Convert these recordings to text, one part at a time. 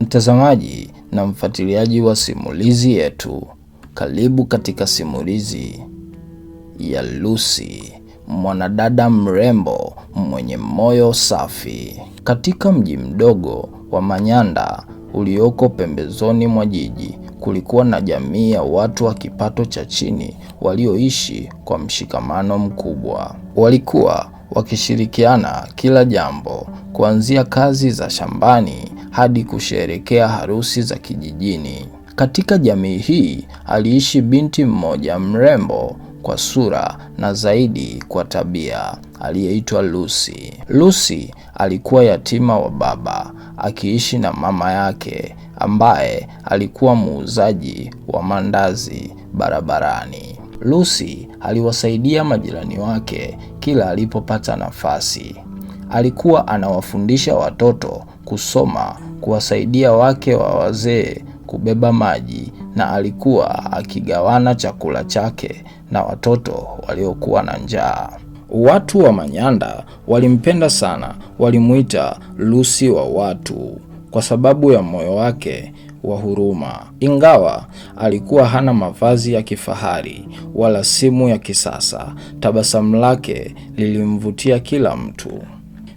Mtazamaji na mfuatiliaji wa simulizi yetu, karibu katika simulizi ya Lucy, mwanadada mrembo mwenye moyo safi, katika mji mdogo wa Manyanda ulioko pembezoni mwa jiji. Kulikuwa na jamii ya watu wa kipato cha chini walioishi kwa mshikamano mkubwa. Walikuwa wakishirikiana kila jambo, kuanzia kazi za shambani hadi kusherekea harusi za kijijini. Katika jamii hii aliishi binti mmoja mrembo kwa sura na zaidi kwa tabia aliyeitwa Lucy. Lucy alikuwa yatima wa baba akiishi na mama yake ambaye alikuwa muuzaji wa mandazi barabarani. Lucy aliwasaidia majirani wake kila alipopata nafasi. Alikuwa anawafundisha watoto kusoma, kuwasaidia wake wa wazee kubeba maji, na alikuwa akigawana chakula chake na watoto waliokuwa na njaa. Watu wa Manyanda walimpenda sana, walimuita Lusi wa watu kwa sababu ya moyo wake wa huruma. Ingawa alikuwa hana mavazi ya kifahari wala simu ya kisasa, tabasamu lake lilimvutia kila mtu.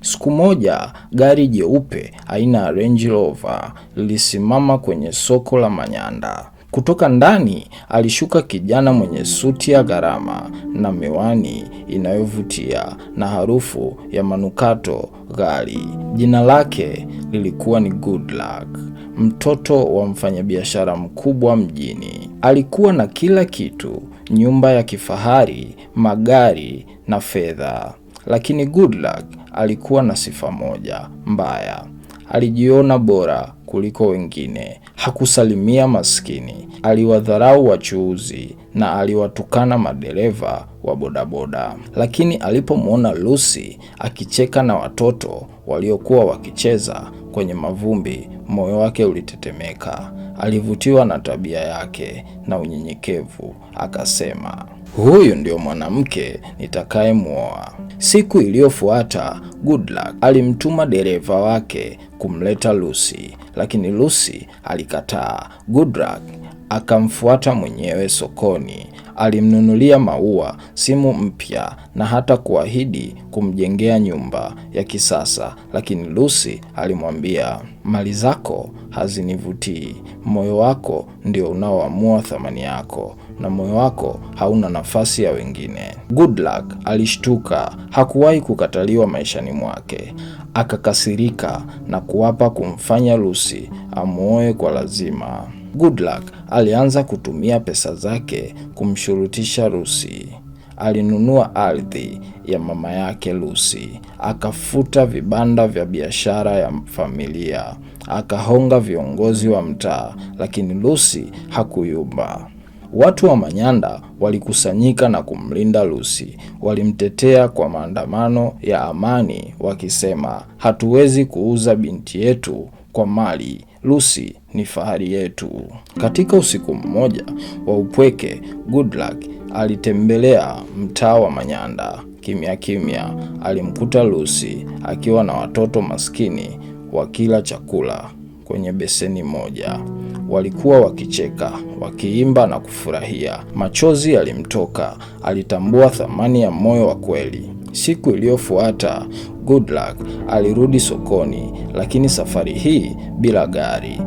Siku moja gari jeupe aina ya Range Rover lilisimama kwenye soko la Manyanda. Kutoka ndani alishuka kijana mwenye suti ya gharama na miwani inayovutia na harufu ya manukato ghali. Jina lake lilikuwa ni Goodluck, mtoto wa mfanyabiashara mkubwa mjini. Alikuwa na kila kitu: nyumba ya kifahari, magari na fedha. Lakini Goodluck alikuwa na sifa moja mbaya, alijiona bora kuliko wengine. Hakusalimia maskini, aliwadharau wachuuzi na aliwatukana madereva wa bodaboda. Lakini alipomwona Lucy akicheka na watoto waliokuwa wakicheza kwenye mavumbi, moyo wake ulitetemeka. Alivutiwa na tabia yake na unyenyekevu, akasema huyu ndio mwanamke nitakayemwoa. Siku iliyofuata Goodluck alimtuma dereva wake kumleta Lucy, lakini Lucy alikataa. Goodluck akamfuata mwenyewe sokoni, alimnunulia maua, simu mpya na hata kuahidi kumjengea nyumba ya kisasa, lakini Lucy alimwambia, mali zako hazinivutii, moyo wako ndio unaoamua thamani yako na moyo wako hauna nafasi ya wengine. Goodluck alishtuka, hakuwahi kukataliwa maishani mwake. Akakasirika na kuapa kumfanya Lucy amwoe kwa lazima. Goodluck alianza kutumia pesa zake kumshurutisha Lucy. Alinunua ardhi ya mama yake Lucy, akafuta vibanda vya biashara ya familia, akahonga viongozi wa mtaa, lakini Lucy hakuyumba. Watu wa Manyanda walikusanyika na kumlinda Lucy. Walimtetea kwa maandamano ya amani wakisema, hatuwezi kuuza binti yetu kwa mali. Lucy ni fahari yetu. Katika usiku mmoja wa upweke, Goodluck alitembelea mtaa wa Manyanda. Kimya kimya alimkuta Lucy akiwa na watoto maskini wakila chakula kwenye beseni moja. Walikuwa wakicheka, wakiimba na kufurahia. Machozi yalimtoka, alitambua thamani ya moyo wa kweli. Siku iliyofuata Goodluck alirudi sokoni, lakini safari hii bila gari,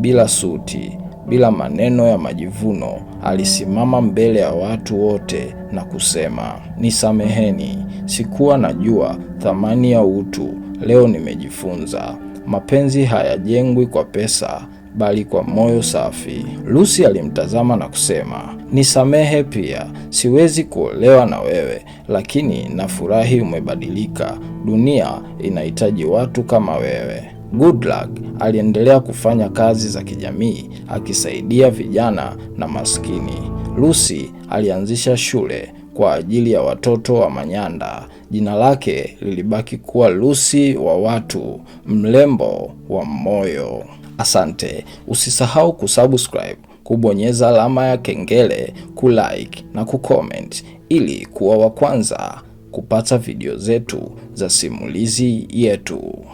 bila suti, bila maneno ya majivuno. Alisimama mbele ya watu wote na kusema, nisameheni, sikuwa najua thamani ya utu. Leo nimejifunza mapenzi hayajengwi kwa pesa, bali kwa moyo safi. Lucy alimtazama na kusema, nisamehe pia, siwezi kuolewa na wewe, lakini nafurahi umebadilika. Dunia inahitaji watu kama wewe. Goodluck aliendelea kufanya kazi za kijamii akisaidia vijana na maskini. Lucy alianzisha shule kwa ajili ya watoto wa Manyanda. Jina lake lilibaki kuwa Lucy wa watu, mlembo wa moyo. Asante, usisahau kusubscribe, kubonyeza alama ya kengele, kulike na kucomment ili kuwa wa kwanza kupata video zetu za simulizi yetu.